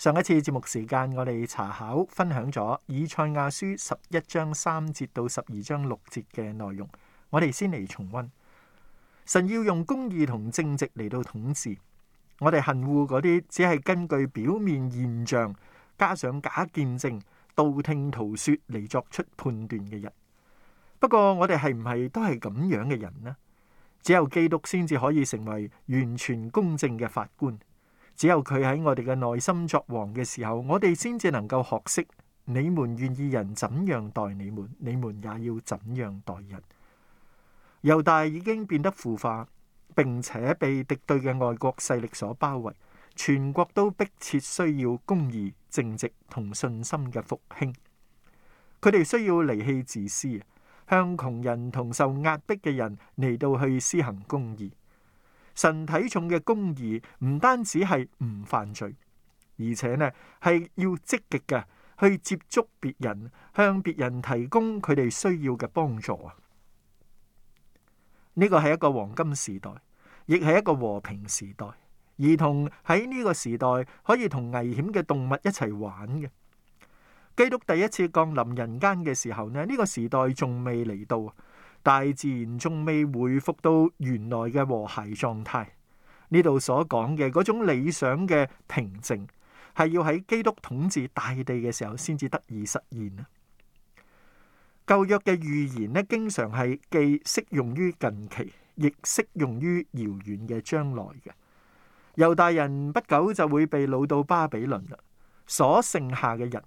上一次節目時間，我哋查考分享咗以賽亞書十一章三節到十二章六節嘅內容。我哋先嚟重溫。神要用公義同正直嚟到統治。我哋恨惡嗰啲，只係根據表面現象，加上假見證、道聽途說嚟作出判斷嘅人。不過，我哋係唔係都係咁樣嘅人呢？只有基督先至可以成為完全公正嘅法官。只有佢喺我哋嘅內心作王嘅時候，我哋先至能夠學識，你們願意人怎樣待你們，你們也要怎樣待人。猶大已經變得腐化，並且被敵對嘅外國勢力所包圍，全國都迫切需要公義、正直同信心嘅復興。佢哋需要離棄自私，向窮人同受壓迫嘅人嚟到去施行公義。神體重嘅公義唔單止係唔犯罪，而且呢係要積極嘅去接觸別人，向別人提供佢哋需要嘅幫助啊！呢個係一個黃金時代，亦係一個和平時代。兒童喺呢個時代可以同危險嘅動物一齊玩嘅。基督第一次降臨人間嘅時候呢，呢個時代仲未嚟到。大自然仲未恢復到原來嘅和諧狀態，呢度所講嘅嗰種理想嘅平靜，係要喺基督統治大地嘅時候先至得以實現啊！舊約嘅預言咧，經常係既適用於近期，亦適用於遙遠嘅將來嘅。猶大人不久就會被擄到巴比倫，所剩下嘅人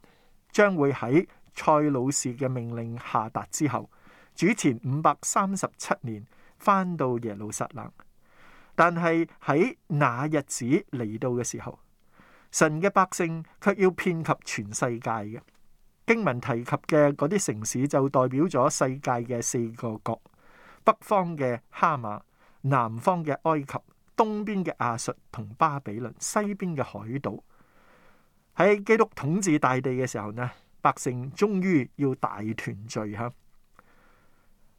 將會喺塞魯士嘅命令下達之後。主前五百三十七年，翻到耶路撒冷，但係喺那日子嚟到嘅時候，神嘅百姓卻要遍及全世界嘅。經文提及嘅嗰啲城市就代表咗世界嘅四個國：北方嘅哈馬、南方嘅埃及、東邊嘅亞述同巴比倫、西邊嘅海島。喺基督統治大地嘅時候呢，百姓終於要大團聚哈。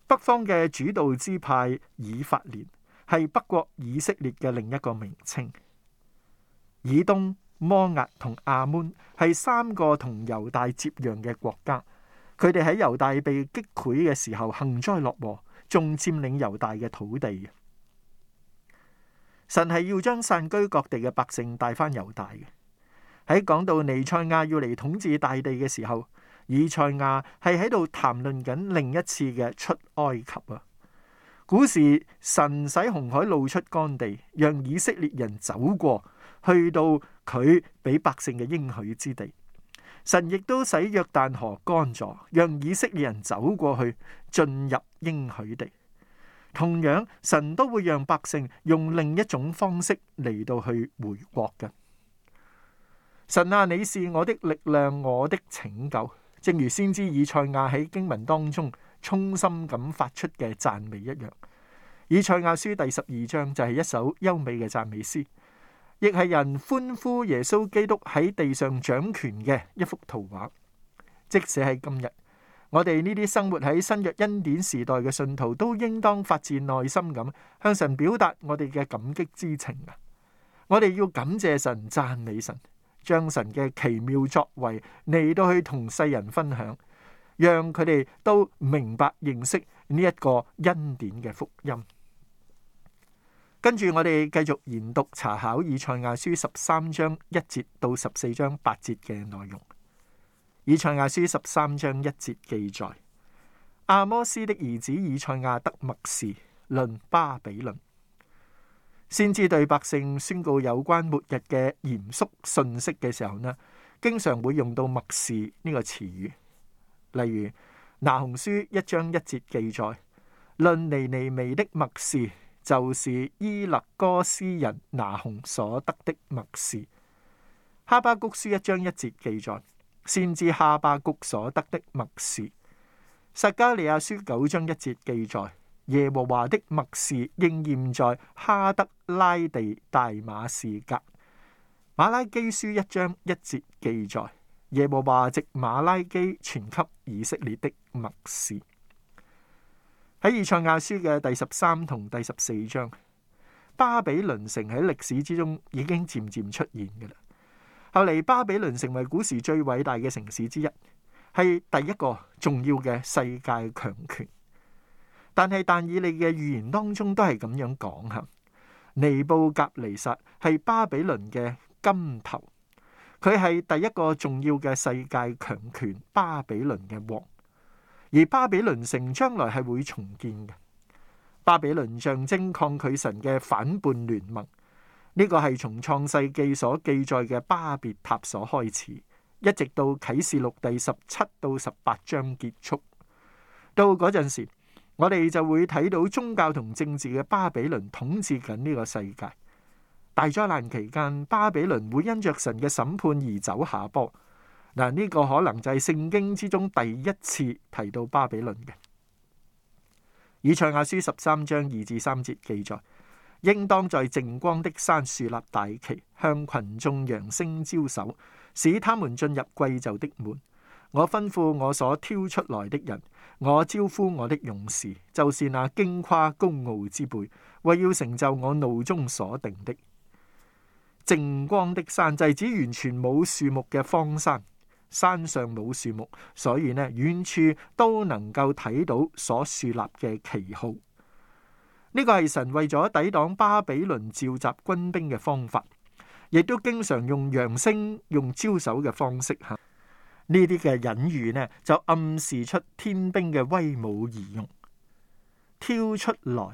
北方嘅主導支派以法蓮係北國以色列嘅另一個名稱。以東、摩押同亞捫係三個同猶大接壤嘅國家，佢哋喺猶大被擊潰嘅時候幸災樂禍，仲佔領猶大嘅土地。神係要將散居各地嘅百姓帶返猶大嘅。喺講到尼賽亞要嚟統治大地嘅時候。以賽亞係喺度談論緊另一次嘅出埃及啊。古時神使紅海露出乾地，讓以色列人走過去到佢俾百姓嘅應許之地。神亦都使約旦河乾咗，讓以色列人走過去進入應許地。同樣，神都會讓百姓用另一種方式嚟到去回國嘅。神啊，你是我的力量，我的拯救。正如先知以賽亞喺經文當中衷心咁發出嘅讚美一樣，以賽亞書第十二章就係一首優美嘅讚美詩，亦係人歡呼耶穌基督喺地上掌權嘅一幅圖畫。即使喺今日，我哋呢啲生活喺新約恩典時代嘅信徒，都應當發自內心咁向神表達我哋嘅感激之情啊！我哋要感謝神，讚美神。將神嘅奇妙作為嚟到去同世人分享，讓佢哋都明白認識呢一個恩典嘅福音。跟住我哋繼續研讀查考以賽亞書十三章一節到十四章八節嘅內容。以賽亞書十三章一節記載：阿摩斯的兒子以賽亞得默示論巴比倫。先知對百姓宣告有關末日嘅嚴肅信息嘅時候呢，經常會用到默示呢個詞語。例如拿鴻書一章一節記載，論尼尼，尼微的默示，就是伊勒哥斯人拿鴻所得的默示。哈巴谷書一章一節記載，先知哈巴谷所得的默示。撒迦利亞書九章一節記載。耶和華的默示應驗在哈德拉地大馬士革。馬拉基書一章一節記載，耶和華藉馬拉基傳給以色列的默示，喺《以賽亞書》嘅第十三同第十四章。巴比倫城喺歷史之中已經漸漸出現嘅啦，後嚟巴比倫成為古時最偉大嘅城市之一，係第一個重要嘅世界強權。但係，但以理嘅預言當中都係咁樣講嚇。尼布甲尼撒係巴比倫嘅金頭，佢係第一個重要嘅世界強權巴比倫嘅王。而巴比倫城將來係會重建嘅。巴比倫象徵抗拒神嘅反叛聯盟，呢、這個係從創世記所記載嘅巴別塔所開始，一直到啟示錄第十七到十八章結束。到嗰陣時。我哋就會睇到宗教同政治嘅巴比倫統治緊呢個世界。大災難期間，巴比倫會因着神嘅審判而走下坡。嗱，呢個可能就係聖經之中第一次提到巴比倫嘅。以賽亞書十三章二至三節記載：應當在淨光的山豎立大旗，向群眾揚聲招手，使他們進入貴冑的門。我吩咐我所挑出來的人，我招呼我的勇士，就是那矜誇高傲之輩，為要成就我怒中所定的。淨光的山就是指完全冇樹木嘅荒山，山上冇樹木，所以呢，遠處都能夠睇到所樹立嘅旗號。呢、這個係神為咗抵擋巴比倫召集軍兵嘅方法，亦都經常用揚聲、用招手嘅方式吓。呢啲嘅隱喻呢，就暗示出天兵嘅威武而用。挑出來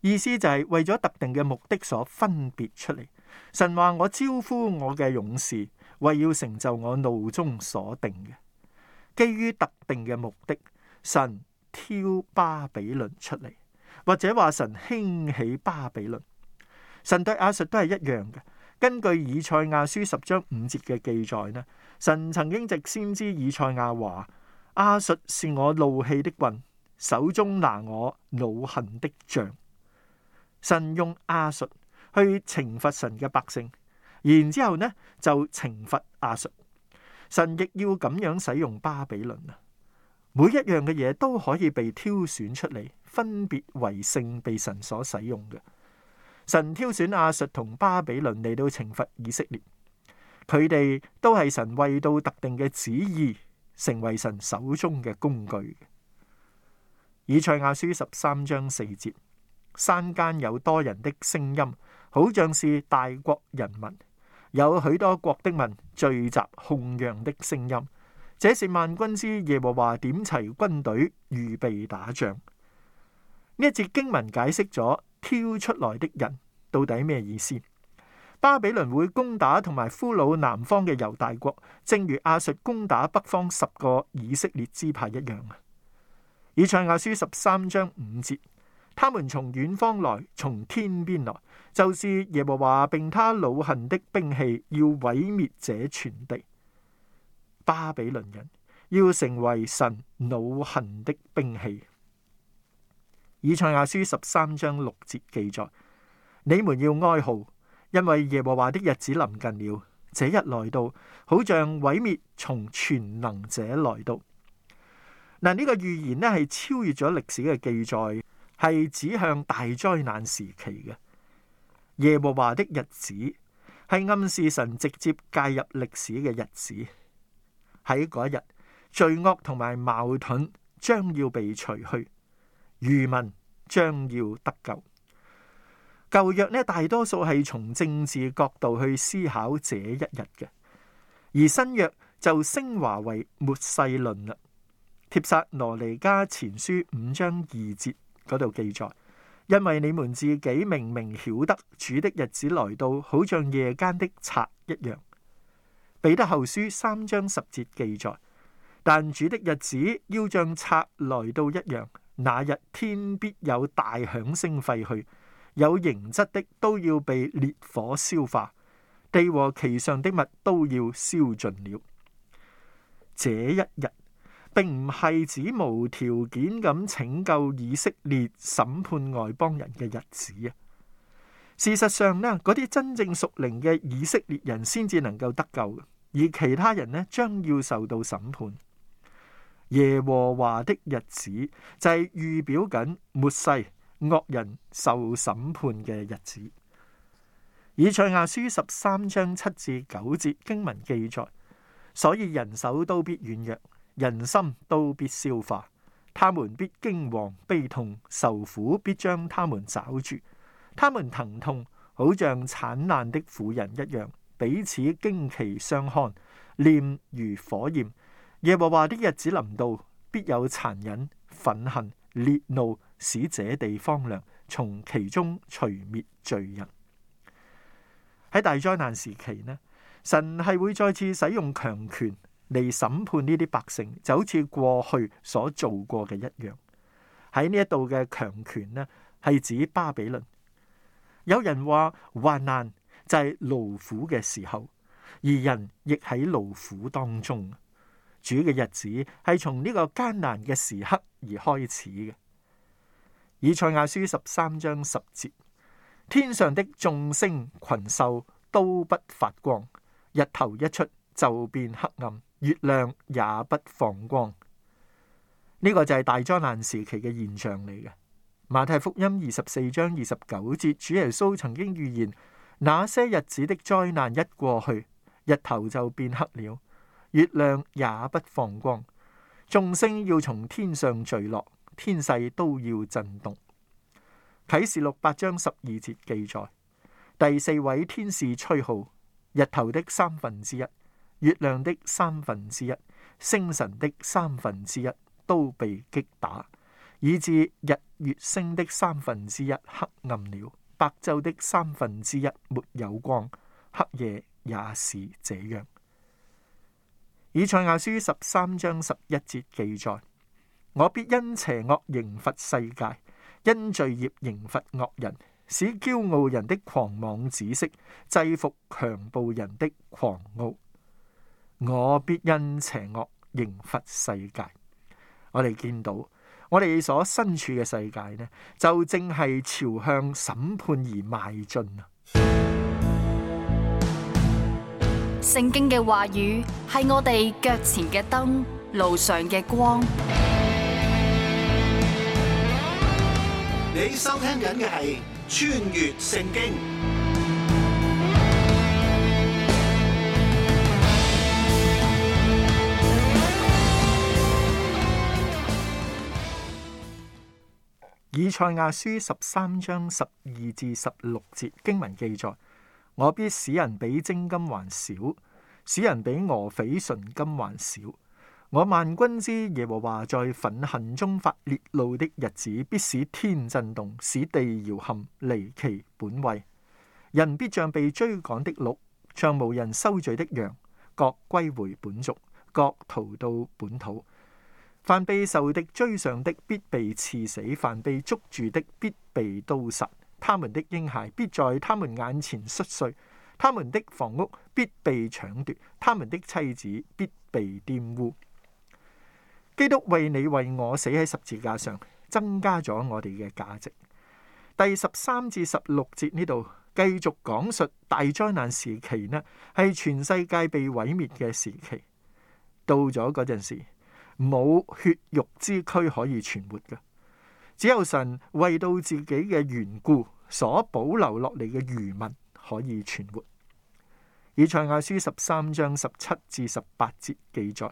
意思，就係為咗特定嘅目的所分別出嚟。神話我招呼我嘅勇士，為要成就我怒中所定嘅，基於特定嘅目的。神挑巴比倫出嚟，或者話神興起巴比倫。神對亞述都係一樣嘅。根據以賽亞書十章五節嘅記載呢，神曾經直先知以賽亞話：阿術是我怒氣的棍，手中拿我怒恨的杖。神用阿術去懲罰神嘅百姓，然之後呢就懲罰阿術。神亦要咁樣使用巴比倫啊！每一樣嘅嘢都可以被挑選出嚟，分別為聖，被神所使用嘅。神挑選阿術同巴比倫嚟到懲罰以色列。佢哋都係神為到特定嘅旨意，成為神手中嘅工具。以賽亞書十三章四節：山間有多人的聲音，好像是大國人民，有許多國的民聚集，鬨嚷的聲音。這是萬軍之耶和華點齊軍隊，預備打仗。呢一節經文解釋咗挑出來的人到底咩意思？巴比倫會攻打同埋俘虜南方嘅猶大國，正如亞述攻打北方十個以色列支派一樣啊。以賽亞書十三章五節：，他們從遠方來，從天邊來，就是耶和華並他惱恨的兵器，要毀滅這全地。巴比倫人要成為神惱恨的兵器。以賽亞書十三章六節記載：，你們要哀號。因為耶和華的日子臨近了，這日來到，好像毀滅從全能者來到。嗱，呢個預言呢係超越咗歷史嘅記載，係指向大災難時期嘅耶和華的日子，係暗示神直接介入歷史嘅日子。喺嗰日，罪惡同埋矛盾將要被除去，餘民將要得救。舊約呢，大多數係從政治角度去思考這一日嘅，而新約就昇華為末世論啦。帖撒羅尼加前書五章二節嗰度記載：因為你們自己明明曉得主的日子來到，好像夜間的賊一樣。彼得後書三章十節記載：但主的日子要像賊來到一樣，那日天必有大響聲廢去。有形質的都要被烈火消化，地和其上的物都要燒盡了。這一日，並唔係指無條件咁拯救以色列，審判外邦人嘅日子啊。事實上呢，嗰啲真正屬靈嘅以色列人先至能夠得救，而其他人咧，將要受到審判。耶和華的日子就係、是、預表緊末世。惡人受審判嘅日子，以賽亞書十三章七至九節經文記載，所以人手都必軟弱，人心都必消化，他們必驚惶悲痛受苦，必將他們抓住，他們疼痛，好像產難的婦人一樣，彼此驚奇相看，臉如火焰。耶和華的日子臨到，必有殘忍、憤恨、烈怒。使這地荒涼，從其中除滅罪人。喺大災難時期呢，神係會再次使用強權嚟審判呢啲百姓，就好似過去所做過嘅一樣。喺呢一度嘅強權呢，係指巴比倫。有人話患難就係勞苦嘅時候，而人亦喺勞苦當中。主嘅日子係從呢個艱難嘅時刻而開始嘅。以賽亞書十三章十節：天上的眾星群獸都不發光，日頭一出就變黑暗，月亮也不放光。呢、這個就係大災難時期嘅現象嚟嘅。馬太福音二十四章二十九節，主耶穌曾經預言：那些日子的災難一過去，日頭就變黑了，月亮也不放光，眾星要從天上墜落。天勢都要震動。啟示錄八章十二節記載，第四位天使吹號，日頭的三分之一、月亮的三分之一、星辰的三分之一都被擊打，以致日月星的三分之一黑暗了，白晝的三分之一沒有光，黑夜也是這樣。以賽亞書十三章十一節記載。我必因邪惡刑罰世界，因罪孽刑罰惡人，使驕傲人的狂妄止息，制服強暴人的狂傲。我必因邪惡刑罰世界。我哋見到，我哋所身處嘅世界呢，就正係朝向審判而邁進啊！聖經嘅話語係我哋腳前嘅燈，路上嘅光。你收聽緊嘅係《穿越聖經》。以賽亞書十三章十二至十六節經文記載：我必使人比精金還少，使人比俄斐純金還少。我萬軍之耶和華在憤恨中發烈怒的日子，必使天震動，使地搖撼，離其本位。人必像被追趕的鹿，像無人收聚的羊，各歸回本族，各逃到本土。凡被受敵追上的必被刺死，凡被捉住的必被刀殺。他們的嬰孩必在他們眼前摔碎，他們的房屋必被搶奪，他們的妻子必被玷污。基督為你為我死喺十字架上，增加咗我哋嘅價值。第十三至十六節呢度繼續講述大災難時期呢，係全世界被毀滅嘅時期。到咗嗰陣時，冇血肉之軀可以存活嘅，只有神為到自己嘅緣故所保留落嚟嘅餘民可以存活。以賽亞書十三章十七至十八節記載。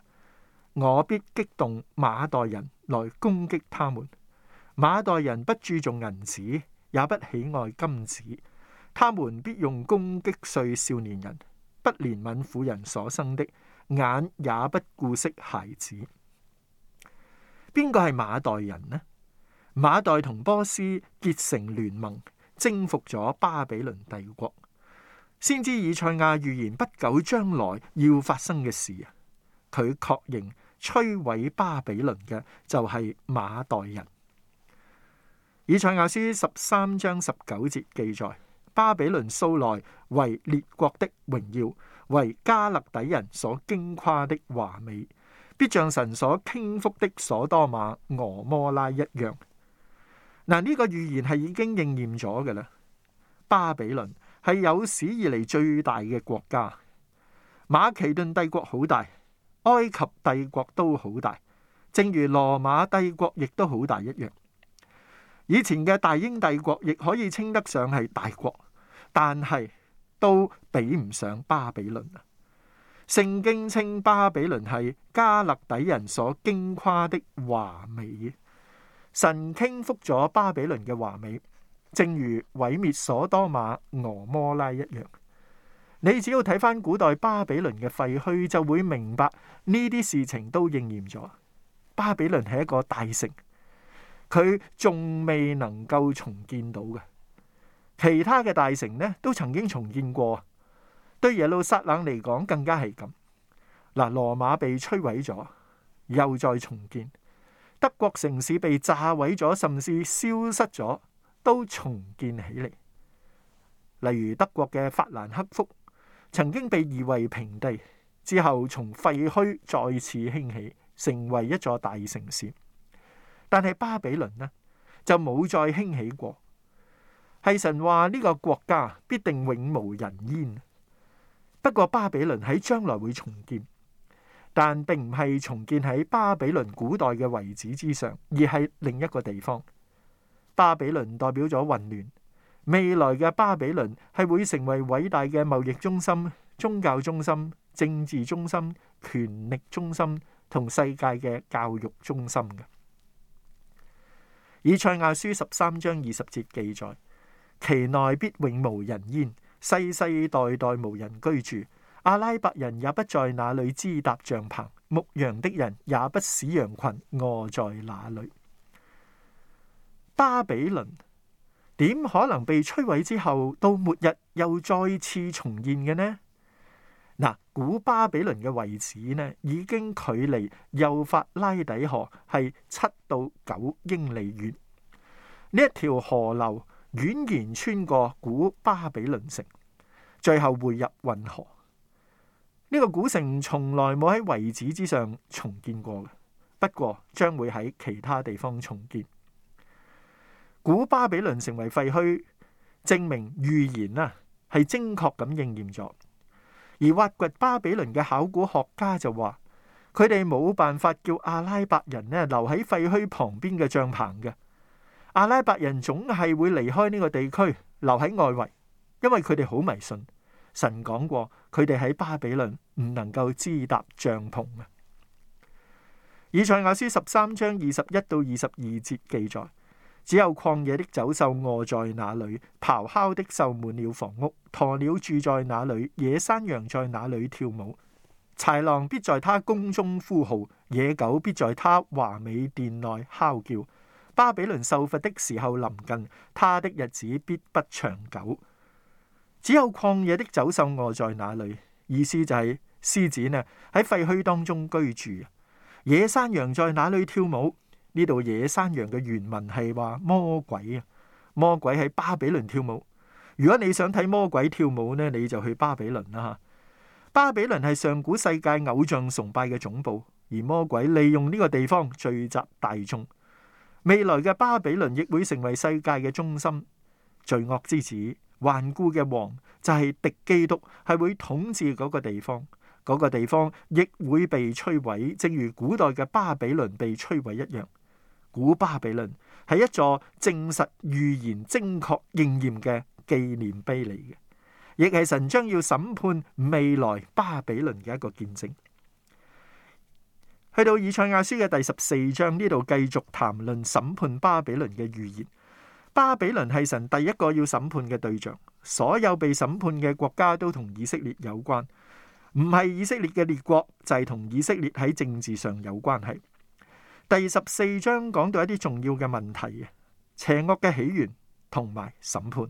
我必激動馬代人來攻擊他們。馬代人不注重銀子，也不喜愛金子。他們必用攻擊碎少年人，不憐憫婦人所生的，眼也不顧惜孩子。邊個係馬代人呢？馬代同波斯結成聯盟，征服咗巴比倫帝國，先知以賽亞預言不久將來要發生嘅事佢確認摧毀巴比倫嘅就係馬代人。以賽亞書十三章十九節記載：巴比倫素來為列國的榮耀，為迦勒底人所矜誇的華美，必像神所傾覆的所多瑪、俄摩拉一樣。嗱，呢個預言係已經應驗咗嘅啦。巴比倫係有史以嚟最大嘅國家，馬其頓帝國好大。埃及帝國都好大，正如羅馬帝國亦都好大一樣。以前嘅大英帝國亦可以稱得上係大國，但係都比唔上巴比倫啊！聖經稱巴比倫係加勒底人所矜誇的華美，神傾覆咗巴比倫嘅華美，正如毀滅所多瑪、俄摩拉一樣。你只要睇翻古代巴比倫嘅廢墟，就會明白呢啲事情都應驗咗。巴比倫係一個大城，佢仲未能夠重建到嘅。其他嘅大城呢，都曾經重建過。對耶路撒冷嚟講，更加係咁。嗱，羅馬被摧毀咗，又再重建；德國城市被炸毀咗，甚至消失咗，都重建起嚟。例如德國嘅法蘭克福。曾經被夷為平地，之後從廢墟再次興起，成為一座大城市。但係巴比倫呢，就冇再興起過。係神話，呢個國家必定永無人煙。不過巴比倫喺將來會重建，但並唔係重建喺巴比倫古代嘅遺址之上，而係另一個地方。巴比倫代表咗混亂。未來嘅巴比倫係會成為偉大嘅貿易中心、宗教中心、政治中心、權力中心同世界嘅教育中心嘅。以賽亞書十三章二十節記載：其內必永無人煙，世世代代無人居住。阿拉伯人也不在那裡支搭帳棚，牧羊的人也不使羊群餓在那裡。巴比倫。點可能被摧毀之後，到末日又再次重現嘅呢？嗱，古巴比倫嘅遺址呢，已經距離幼發拉底河係七到九英里遠。呢一條河流蜿蜒穿過古巴比倫城，最後匯入運河。呢個古城從來冇喺遺址之上重建過，不過將會喺其他地方重建。古巴比倫成為廢墟，證明預言啊係精確咁應驗咗。而挖掘巴比倫嘅考古學家就話，佢哋冇辦法叫阿拉伯人呢留喺廢墟旁邊嘅帳篷嘅。阿拉伯人總係會離開呢個地區，留喺外圍，因為佢哋好迷信。神講過，佢哋喺巴比倫唔能夠支搭帳篷嘅。以賽亞書十三章二十一到二十二節記載。只有曠野的走獸臥在那裏，咆哮的獸滿了房屋，鴕鳥住在那裏，野山羊在那裏跳舞，豺狼必在他宮中呼號，野狗必在他華美殿內敲叫。巴比倫受罰的時候臨近，他的日子必不長久。只有曠野的走獸臥在那裏，意思就係、是、獅子呢喺廢墟當中居住，野山羊在那裏跳舞。呢度野山羊嘅原文係話魔鬼啊，魔鬼喺巴比倫跳舞。如果你想睇魔鬼跳舞呢，你就去巴比倫啦。哈，巴比倫係上古世界偶像崇拜嘅總部，而魔鬼利用呢個地方聚集大眾。未來嘅巴比倫亦會成為世界嘅中心，罪惡之子、頑固嘅王就係敵基督，係會統治嗰個地方，嗰、嗰個地方亦會被摧毀，正如古代嘅巴比倫被摧毀一樣。古巴比倫係一座證實預言精確應驗嘅紀念碑嚟嘅，亦係神將要審判未來巴比倫嘅一個見證。去到以賽亞書嘅第十四章呢度，繼續談論審判巴比倫嘅預言。巴比倫係神第一個要審判嘅對象，所有被審判嘅國家都同以色列有關，唔係以色列嘅列國就係、是、同以色列喺政治上有關係。第十四章講到一啲重要嘅問題啊，邪惡嘅起源同埋審判，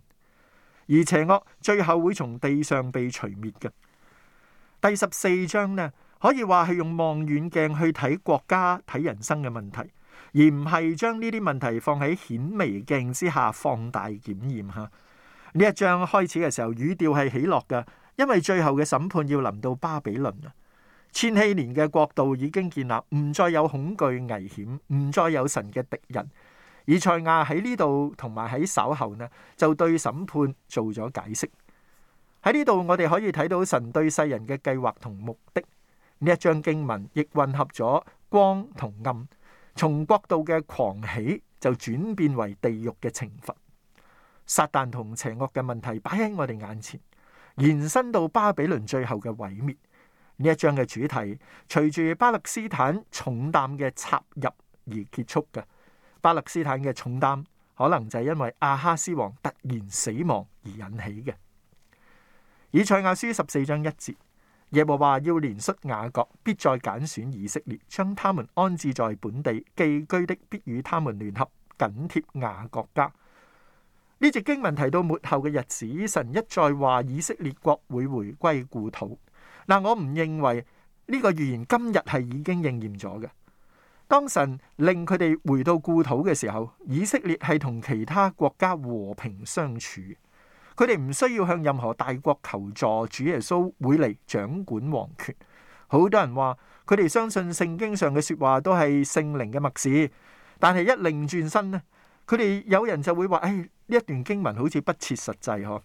而邪惡最後會從地上被除滅嘅。第十四章呢，可以話係用望遠鏡去睇國家睇人生嘅問題，而唔係將呢啲問題放喺顯微鏡之下放大檢驗吓。呢一章開始嘅時候語調係起落㗎，因為最後嘅審判要臨到巴比倫啦。千禧年嘅國度已經建立，唔再有恐懼危險，唔再有神嘅敵人。以賽亞喺呢度同埋喺稍後呢，就對審判做咗解釋。喺呢度我哋可以睇到神對世人嘅計劃同目的。呢一章經文亦混合咗光同暗，從國度嘅狂喜就轉變為地獄嘅懲罰。撒旦同邪惡嘅問題擺喺我哋眼前，延伸到巴比倫最後嘅毀滅。呢一章嘅主題，隨住巴勒斯坦重擔嘅插入而結束嘅。巴勒斯坦嘅重擔，可能就係因為阿哈斯王突然死亡而引起嘅。以賽亞書十四章一節，耶和華要憐恤雅各，必再揀選以色列，將他們安置在本地。寄居的必與他們聯合，緊貼雅各家。呢節經文提到末後嘅日子，神一再話以色列國會回歸故土。嗱，我唔認為呢個預言今日係已經應驗咗嘅。當神令佢哋回到故土嘅時候，以色列係同其他國家和平相處，佢哋唔需要向任何大國求助。主耶穌會嚟掌管王權。好多人話佢哋相信聖經上嘅說話都係聖靈嘅默示，但係一擰轉身呢，佢哋有人就會話：哎，呢一段經文好似不切實際。嗬，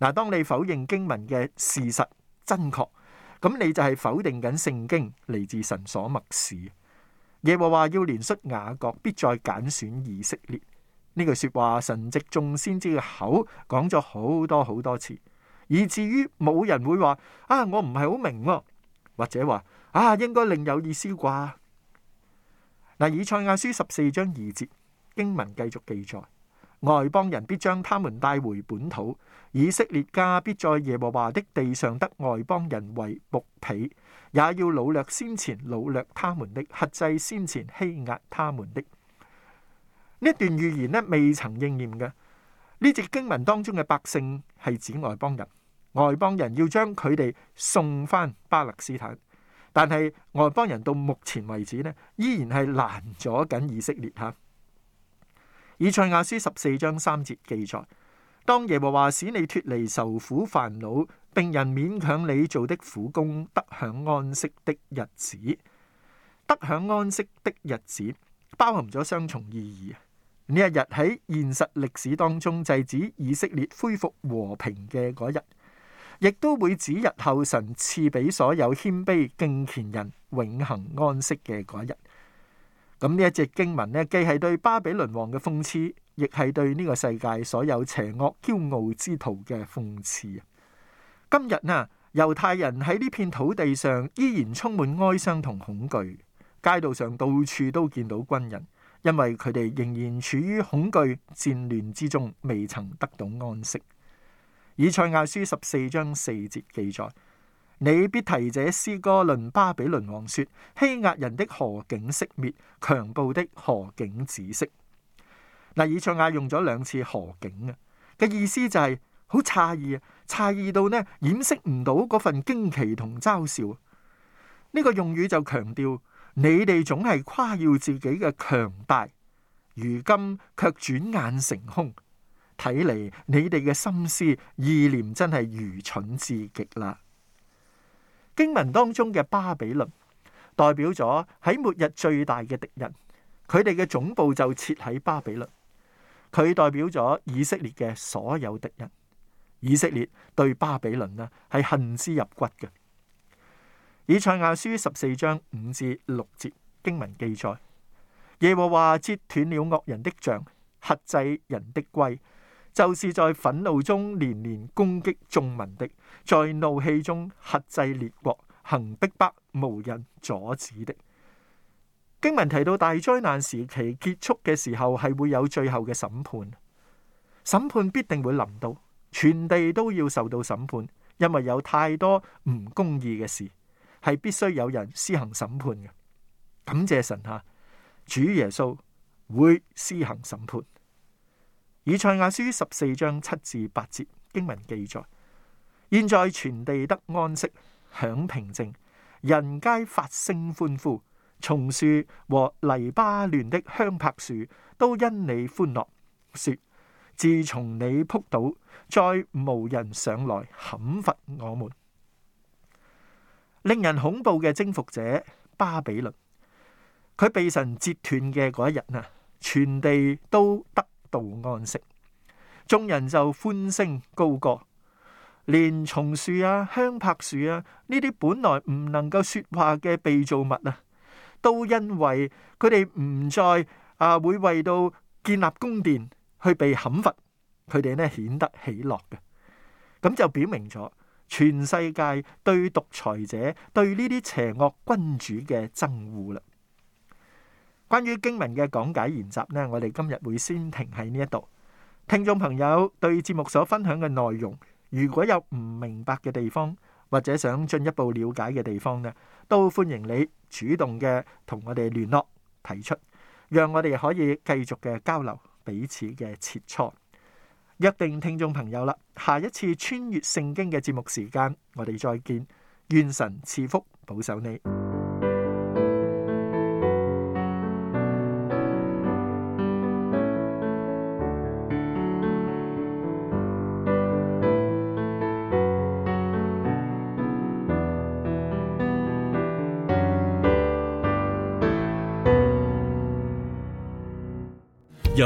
嗱，當你否認經文嘅事實真確。咁你就係否定緊聖經嚟自神所默示。耶和華要憐恤雅各，必再揀選以色列。呢句説話神藉眾先知嘅口講咗好多好多次，以至於冇人會話啊，我唔係好明，或者話啊，應該另有意思啩？嗱，以賽亞書十四章二節經文繼續記載。外邦人必將他們帶回本土，以色列家必在耶和華的地上得外邦人為僕婢，也要擄掠先前擄掠他們的，轄制先前欺壓他們的。呢段預言咧，未曾應驗嘅，呢節經文當中嘅百姓係指外邦人，外邦人要將佢哋送翻巴勒斯坦，但係外邦人到目前為止呢，依然係攔阻緊以色列吓。以賽亞書十四章三節記載：當耶和華使你脱離愁苦煩惱、病人勉強你做的苦工，得享安息的日子，得享安息的日子，包含咗雙重意義。呢一日喺現實歷史當中，就係指以色列恢復和平嘅嗰日，亦都會指日後神賜俾所有謙卑敬虔人永恒安息嘅嗰日。咁呢一隻經文呢，既係對巴比倫王嘅諷刺，亦係對呢個世界所有邪惡驕傲之徒嘅諷刺。今日啊，猶太人喺呢片土地上依然充滿哀傷同恐懼，街道上到處都見到軍人，因為佢哋仍然處於恐懼戰亂之中，未曾得到安息。以賽亞書十四章四節記載。你必提這詩歌，論巴比倫王說，欺壓人的何竟息滅，強暴的何竟止息。那爾唱亞用咗兩次何竟啊嘅意思就係好詫異啊，詫異到呢掩飾唔到嗰份驚奇同嘲笑。呢、這個用語就強調你哋總係誇耀自己嘅強大，如今卻轉眼成空，睇嚟你哋嘅心思意念真係愚蠢至極啦。經文當中嘅巴比倫，代表咗喺末日最大嘅敵人，佢哋嘅總部就設喺巴比倫，佢代表咗以色列嘅所有敵人。以色列對巴比倫呢係恨之入骨嘅。以賽亞書十四章五至六節經文記載，耶和華折斷了惡人的杖，轄制人的圭。就是在憤怒中連連攻擊眾民的，在怒氣中轄制列國，行逼迫無人阻止的。經文提到大災難時期結束嘅時候，係會有最後嘅審判，審判必定會臨到，全地都要受到審判，因為有太多唔公義嘅事，係必須有人施行審判嘅。感謝神啊，主耶穌會施行審判。以賽亞書十四章七至八節經文記載：現在全地得安息，享平靜，人皆發聲歡呼，松樹和黎巴嫩的香柏樹都因你歡樂，說自從你撲倒，再無人上來砍伐我們。令人恐怖嘅徵服者巴比倫，佢被神截斷嘅嗰一日啊，全地都得道安息，眾人就歡聲高歌，連松樹啊、香柏樹啊呢啲本來唔能夠說話嘅被造物啊，都因為佢哋唔再啊會為到建立宮殿去被砍伐，佢哋呢顯得喜樂嘅，咁就表明咗全世界對獨裁者、對呢啲邪惡君主嘅憎惡啦。關於經文嘅講解研習呢，我哋今日會先停喺呢一度。聽眾朋友對節目所分享嘅內容，如果有唔明白嘅地方，或者想進一步了解嘅地方呢，都歡迎你主動嘅同我哋聯絡提出，讓我哋可以繼續嘅交流，彼此嘅切磋。約定聽眾朋友啦，下一次穿越聖經嘅節目時間，我哋再見。願神賜福保守你。